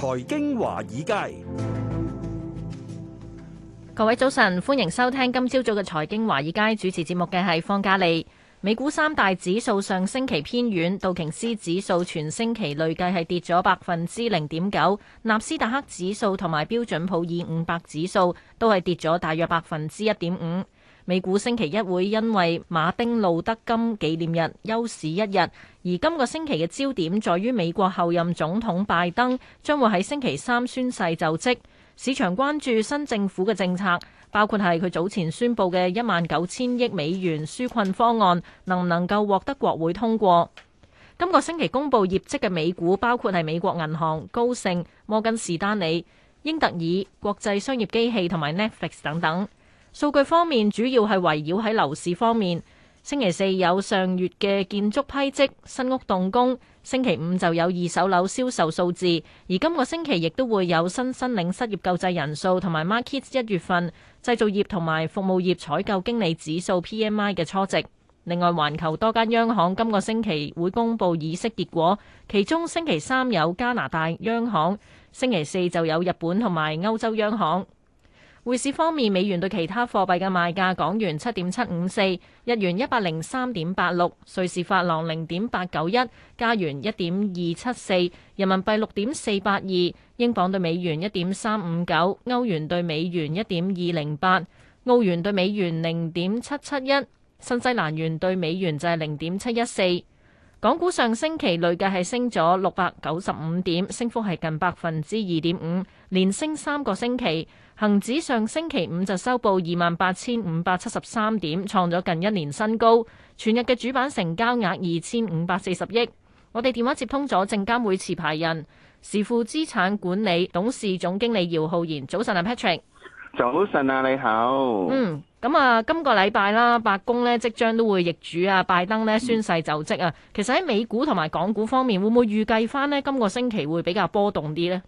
財經華爾街，各位早晨，歡迎收聽今朝早嘅財經華爾街主持節目嘅係方嘉莉。美股三大指數上星期偏軟，道瓊斯指數全星期累計係跌咗百分之零點九，納斯達克指數同埋標準普爾五百指數都係跌咗大約百分之一點五。美股星期一會因為馬丁路德金紀念日休市一日，而今個星期嘅焦點在於美國候任總統拜登將會喺星期三宣誓就職。市場關注新政府嘅政策，包括系佢早前宣布嘅一萬九千億美元紓困方案能唔能夠獲得國會通過。今個星期公布業績嘅美股包括系美國銀行、高盛、摩根士丹利、英特爾、國際商業機器同埋 Netflix 等等。數據方面主要係圍繞喺樓市方面，星期四有上月嘅建築批積、新屋動工，星期五就有二手樓銷售數字，而今個星期亦都會有新申領失業救濟人數同埋 Market 一月份製造業同埋服務業採購經理指數 PMI 嘅初值。另外，環球多間央行今個星期會公布議息結果，其中星期三有加拿大央行，星期四就有日本同埋歐洲央行。匯市方面，美元對其他貨幣嘅賣價：港元七點七五四，日元一百零三點八六，瑞士法郎零點八九一，加元一點二七四，人民幣六點四八二，英鎊對美元一點三五九，歐元對美元一點二零八，澳元對美元零點七七一，新西蘭元對美元就係零點七一四。港股上星期累計係升咗六百九十五點，升幅係近百分之二點五，連升三個星期。恒指上星期五就收報二萬八千五百七十三點，創咗近一年新高。全日嘅主板成交額二千五百四十億。我哋電話接通咗證監會持牌人時富資產管理董事總經理姚浩然。早晨啊，Patrick。早晨啊，你好。嗯，咁啊，今個禮拜啦，白宮咧即將都會易主啊，拜登咧宣誓就職啊。其實喺美股同埋港股方面，會唔會預計翻呢？今個星期會比較波動啲呢？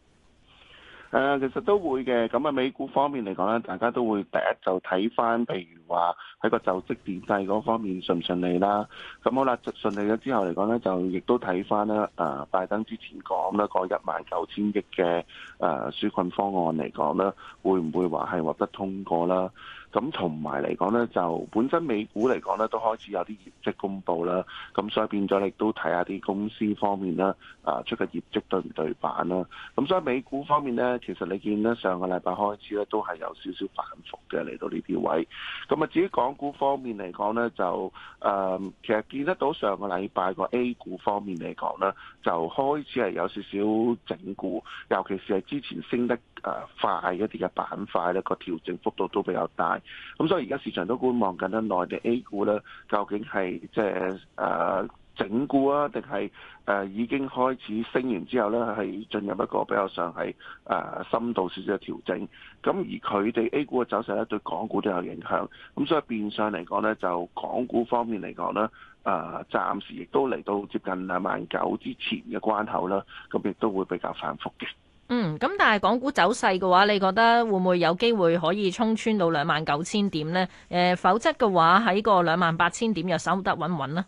誒，其實都會嘅。咁啊，美股方面嚟講咧，大家都會第一就睇翻，譬如話喺個就職典禮嗰方面順唔順利啦。咁好啦，順利咗之後嚟講咧，就亦都睇翻咧，誒、啊，拜登之前講嗰個一萬九千億嘅誒紓困方案嚟講咧，會唔會話係獲得通過啦？咁同埋嚟講呢，就本身美股嚟講呢，都開始有啲業績公布啦。咁所以變咗，你都睇下啲公司方面啦，啊，出嘅業績對唔對版啦。咁所以美股方面呢，其實你見呢，上個禮拜開始呢，都係有少少反覆嘅嚟到呢啲位。咁啊，至於港股方面嚟講呢，就誒、嗯、其實見得到上個禮拜個 A 股方面嚟講呢，就開始係有少少整固，尤其是係之前升得。誒快、啊、一啲嘅板塊咧，個調整幅度都比較大。咁所以而家市場都觀望緊咧，內地 A 股咧，究竟係即係誒整固啊，定係誒已經開始升完之後咧，係進入一個比較上係誒、呃、深度少少嘅調整。咁而佢哋 A 股嘅走勢咧，對港股都有影響。咁所以變相嚟講咧，就港股方面嚟講咧，誒、呃、暫時亦都嚟到接近兩萬九之前嘅關口啦。咁亦都會比較反覆嘅。嗯，咁但係港股走勢嘅話，你覺得會唔會有機會可以衝穿到兩萬九千點呢？誒、呃，否則嘅話喺個兩萬八千點又守得穩唔穩呢？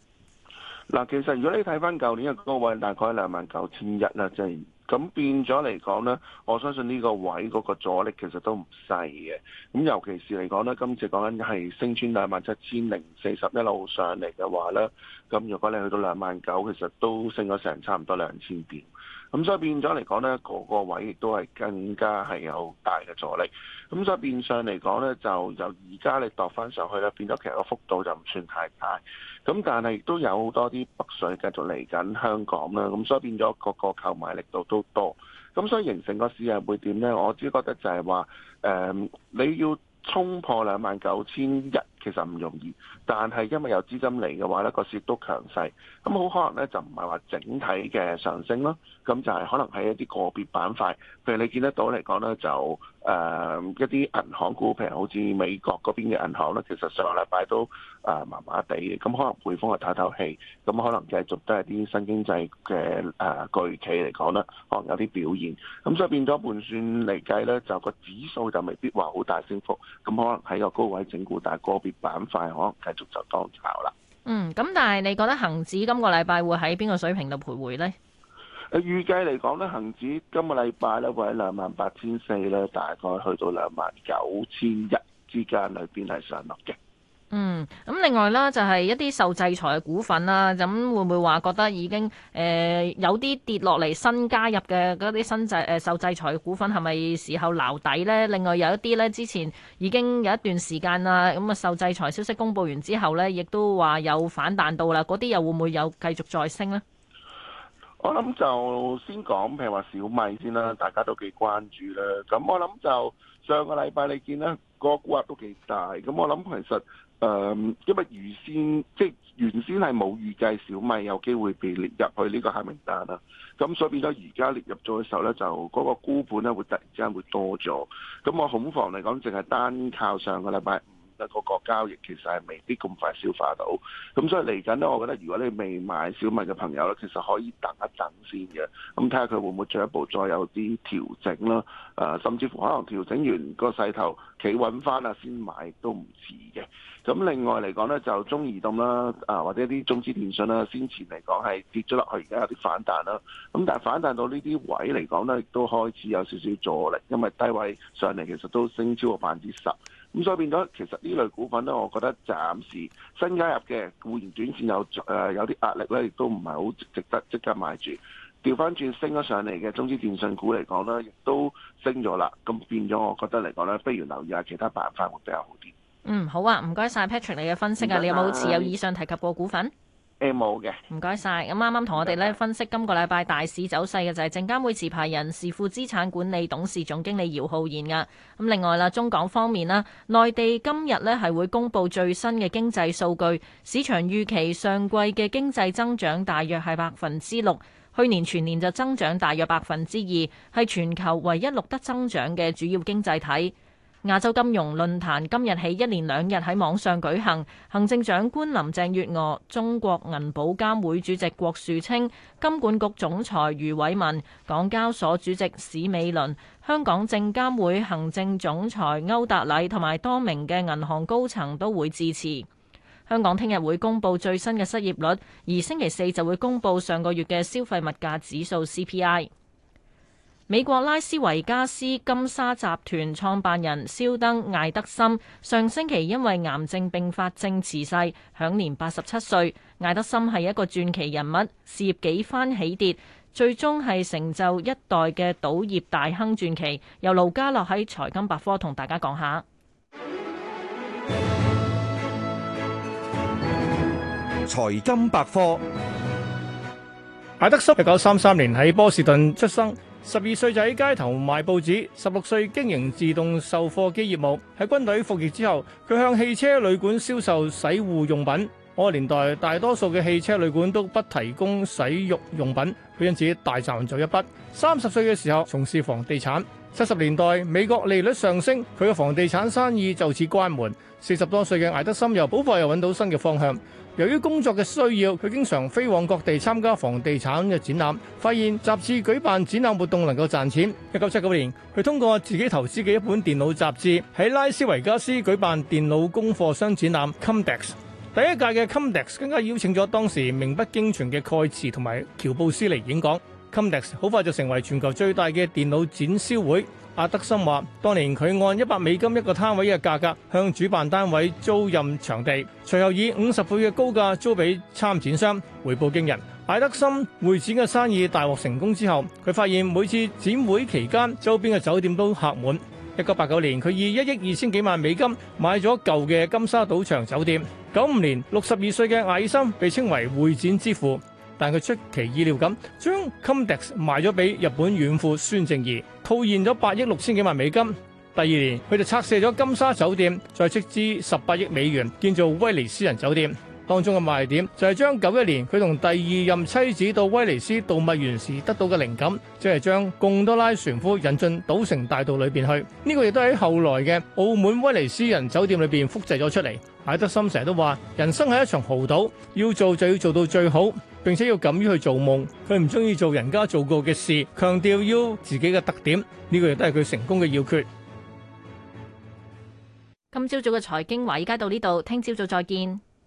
嗱，其實如果你睇翻舊年嘅高、嗰個、位，大概係兩萬九千一啦，即係咁變咗嚟講呢，我相信呢個位嗰個阻力其實都唔細嘅。咁尤其是嚟講呢，今次講緊係升穿兩萬七千零四十一路上嚟嘅話呢，咁如果你去到兩萬九，其實都升咗成差唔多兩千點。咁所以變咗嚟講呢，個個位亦都係更加係有大嘅助力。咁所以變相嚟講呢，就由而家你度翻上去呢，變咗其實個幅度就唔算太大。咁但係亦都有好多啲北水繼續嚟緊香港啦。咁所以變咗個個購買力度都多。咁所以形成個市勢會點呢？我只覺得就係話，誒、嗯，你要衝破兩萬九千一。其實唔容易，但係因為有資金嚟嘅話咧，個市都強勢，咁好可能咧就唔係話整體嘅上升咯，咁就係可能喺一啲個別板塊，譬如你見得到嚟講咧就誒、呃、一啲銀行股，譬如好似美國嗰邊嘅銀行咧，其實上個禮拜都誒麻麻地，咁可能匯豐係唞唞氣，咁可能繼續都係啲新經濟嘅誒巨企嚟講咧，可能有啲表現，咁所以變咗換算嚟計咧，就個指數就未必話好大升幅，咁可能喺個高位整固，但係個別板塊可能繼續就當炒啦。嗯，咁但係你覺得恒指今個禮拜會喺邊個水平度徘徊呢？誒、呃，預計嚟講咧，恒指今個禮拜咧會喺兩萬八千四咧，大概去到兩萬九千一之間裏邊係上落嘅。嗯，咁另外啦，就係一啲受制裁嘅股份啦，咁會唔會話覺得已經誒、呃、有啲跌落嚟，新加入嘅嗰啲新制誒受制裁嘅股份係咪時候撈底呢？另外有一啲呢，之前已經有一段時間啦，咁啊受制裁消息公布完之後呢，亦都話有反彈到啦，嗰啲又會唔會有繼續再升呢？我諗就先講，譬如話小米先啦，大家都幾關注啦。咁我諗就上個禮拜你見呢個股價都幾大，咁我諗其實。誒，um, 因為先即原先即係原先係冇預計小米有機會被列入去呢個黑名單啦，咁所以變咗而家列入咗嘅時候咧，就嗰個沽盤咧會突然之間會多咗，咁我恐慌嚟講，淨係單靠上個禮拜。個個交易其實係未必咁快消化到，咁所以嚟緊呢，我覺得如果你未買小米嘅朋友呢，其實可以等一等先嘅，咁睇下佢會唔會進一步再有啲調整啦，誒，甚至乎可能調整完個勢頭企穩翻啊，先買都唔遲嘅。咁另外嚟講呢，就中移動啦，啊，或者啲中資電信啦，啊，先前嚟講係跌咗落去，而家有啲反彈啦，咁但係反彈到呢啲位嚟講呢，亦都開始有少少阻力，因為低位上嚟其實都升超過百分之十。咁所以變咗，其實呢類股份咧，我覺得暫時新加入嘅固然短線有誒有啲壓力咧，亦都唔係好值得即刻買住。調翻轉升咗上嚟嘅，中資電信股嚟講咧，亦都升咗啦。咁變咗，我覺得嚟講咧，不如留意下其他辦法會比較好啲。嗯，好啊，唔該晒 Patrick 你嘅分析啊，你有冇持有，有以上提及過股份？冇嘅。唔該晒。咁啱啱同我哋咧分析今謝個禮拜大市走勢嘅就係證監會持牌人士、副資產管理董事總經理姚浩然噶。咁另外啦，中港方面啦，內地今日咧係會公布最新嘅經濟數據，市場預期上季嘅經濟增長大約係百分之六，去年全年就增長大約百分之二，係全球唯一錄得增長嘅主要經濟體。亞洲金融論壇今日起一連兩日喺網上舉行，行政長官林鄭月娥、中國銀保監會主席郭樹清、金管局總裁余偉文、港交所主席史美倫、香港證監會行政總裁歐達禮同埋多名嘅銀行高層都會致辭。香港聽日會公布最新嘅失業率，而星期四就會公布上個月嘅消費物價指數 CPI。美國拉斯維加斯金沙集團創辦人肖登艾德森上星期因為癌症併發症辭世，享年八十七歲。艾德森係一個傳奇人物，事業幾番起跌，最終係成就一代嘅賭業大亨傳奇。由盧家樂喺財金百科同大家講下。財金百科，艾德森一九三三年喺波士頓出生。十二歲就喺街頭賣報紙，十六歲經營自動售貨機業務。喺軍隊服役之後，佢向汽車旅館銷售洗護用品。嗰個年代大多數嘅汽車旅館都不提供洗浴用品，佢因此大賺咗一筆。三十歲嘅時候，從事房地產。七十年代，美國利率上升，佢嘅房地產生意就此關門。四十多歲嘅艾德森又補貨又揾到新嘅方向。由於工作嘅需要，佢經常飛往各地參加房地產嘅展覽，發現雜誌舉辦展覽活動能夠賺錢。一九七九年，佢通過自己投資嘅一本電腦雜誌，喺拉斯維加斯舉辦電腦供貨商展覽 Comdex。第一屆嘅 Comdex 更加邀請咗當時名不經傳嘅蓋茨同埋喬布斯嚟演講。好快就成為全球最大嘅電腦展銷會。阿德森話，當年佢按一百美金一個攤位嘅價格向主辦單位租賃場地，隨後以五十倍嘅高價租俾參展商，回報驚人。阿德森會展嘅生意大獲成功之後，佢發現每次展會期間周邊嘅酒店都客滿。一九八九年，佢以一億二千幾萬美金買咗舊嘅金沙賭場酒店。九五年，六十二歲嘅阿德森被稱為會展之父。但佢出其意料咁，將 Comdex 賣咗俾日本軟銀孫正義，套現咗八億六千幾萬美金。第二年，佢就拆卸咗金沙酒店，再斥資十八億美元建造威尼斯人酒店。當中嘅賣點就係將九一年佢同第二任妻子到威尼斯度蜜月時得到嘅靈感，即係將貢多拉船夫引進賭城大道裏邊去。呢個亦都喺後來嘅澳門威尼斯人酒店裏邊複製咗出嚟。艾德森成日都話：人生係一場豪賭，要做就要做到最好，並且要敢於去做夢。佢唔中意做人家做過嘅事，強調要自己嘅特點。呢個亦都係佢成功嘅要訣。今朝早嘅財經華爾街到呢度，聽朝早再見。